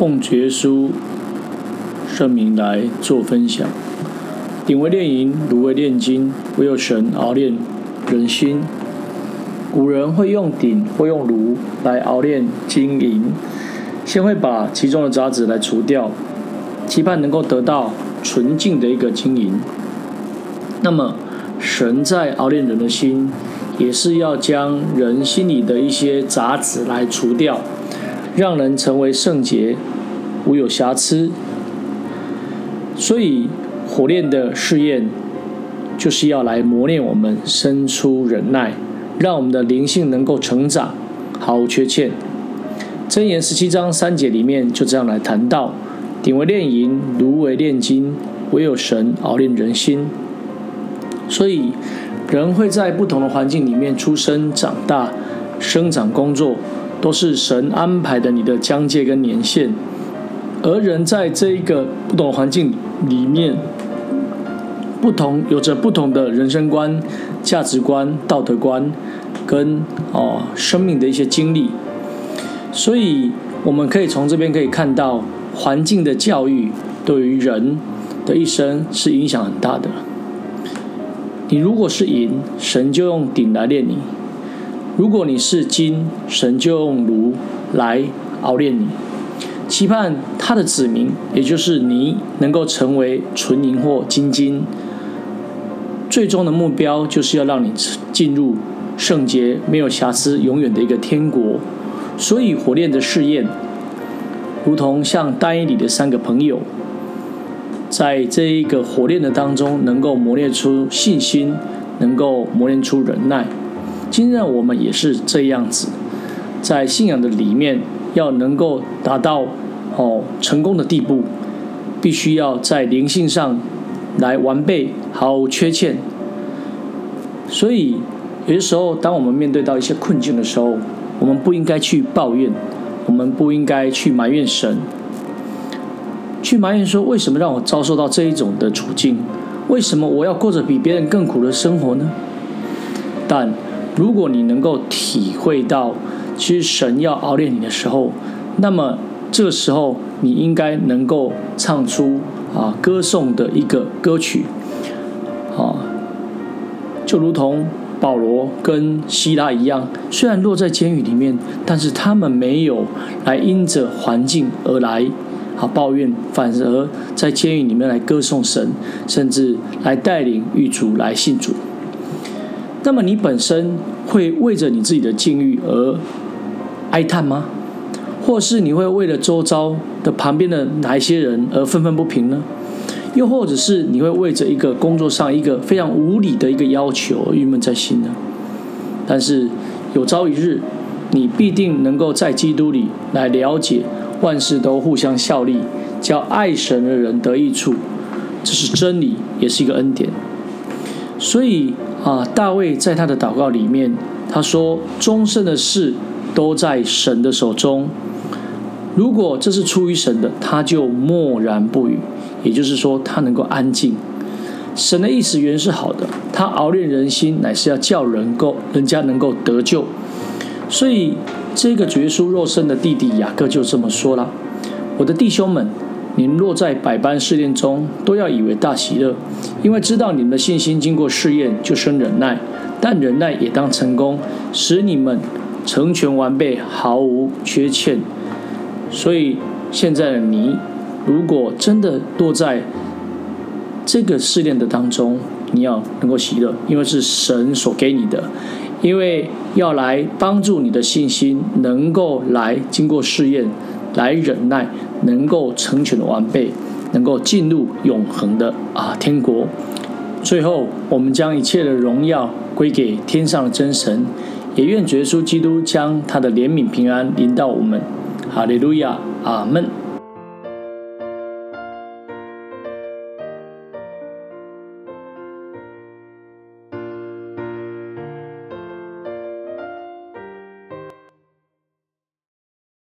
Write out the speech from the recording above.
奉耶穌聖名來做分享。鼎為煉銀，爐為煉金。唯有神熬煉人心。古人會用鼎，或用爐來熬煉金銀，先會把其中的雜質來除掉，期盼能夠得到純淨的一個金銀。那麼，神在熬煉人的心，也是要將人心裡的一些雜質來除掉，讓人成為聖潔。無有瑕疵，所以火煉的試驗就是要來磨練我們生出忍耐，讓我們的靈性能夠成長，毫無缺陷。箴言十七章三節裡面就這樣來談到：鼎為煉銀，爐為煉金，唯有神熬煉人心。所以人會在不同的環境裡面出生、長大、生長、工作，都是神安排的你的疆界跟年限。而人在這一個不同的環境裡面，不同有着不同的人生觀、價值觀、道德觀，跟哦生命的一些經歷，所以我們可以從這邊可以看到，環境的教育對於人的一生是影響很大的。你如果是銀，神就用鼎來煉你；如果你是金，神就用爐來熬煉你。期盼他的子民，也就是你，能夠成為純銀或精金。最終的目標就是要讓你進入聖潔、沒有瑕疵、永遠的一個天國。所以，火煉的試驗，如同像但以理的三個朋友，在這一個火煉的當中，能夠磨練出信心，能夠磨練出忍耐。今日我們也是這樣子，在信仰的裡面，要能夠達到。哦，成功的地步必須要在靈性上來完備，毫無缺陷。所以，有些時候，當我們面對到一些困境的時候，我們不應該去抱怨，我們不應該去埋怨神，去埋怨說：「為什麼讓我遭受到這一種的處境？」「為什麼我要過着比別人更苦的生活呢？」但如果你能夠體會到，其實神要熬煉你的時候，那麼。這個時候，你應該能夠唱出啊歌頌的一個歌曲，啊，就如同保羅跟希拉一樣，雖然落在監獄裡面，但是他們沒有來因着環境而來，啊抱怨，反而在監獄裡面來歌頌神，甚至來帶領獄卒來信主。那麼你本身會為着你自己的境遇而哀嘆嗎？或是你會為了周遭的旁邊的哪一些人而憤憤不平呢？又或者是你會為着一個工作上一個非常無理的一個要求而鬱悶在心呢？但是有朝一日，你必定能夠在基督裡來了解，萬事都互相效力，叫愛神的人得益處，這是真理，也是一個恩典。所以啊，大衛在他的禱告裡面，他說：“終身的事都在神的手中。”如果這是出於神的，他就默然不語，也就是說，他能夠安靜。神的意思原是好的，他熬煉人心，乃是要叫人夠，人家能夠得救。所以，這個耶穌肉身的弟弟雅各就這麼說了：“我的弟兄們，你們若在百般試煉中，都要以為大喜樂，因為知道你們的信心經過試驗，就生忍耐；但忍耐也當成功，使你們成全完備，毫無缺欠。”所以，現在的你，如果真的落在這個試煉的當中，你要能夠喜樂，因為是神所給你的，因為要來幫助你的信心，能夠來經過試驗，來忍耐，能夠成全完備，能夠進入永恆的啊天國。最後，我們將一切的榮耀歸給天上的真神，也願耶穌基督將他的憐憫平安臨到我們。哈利路亞，阿們。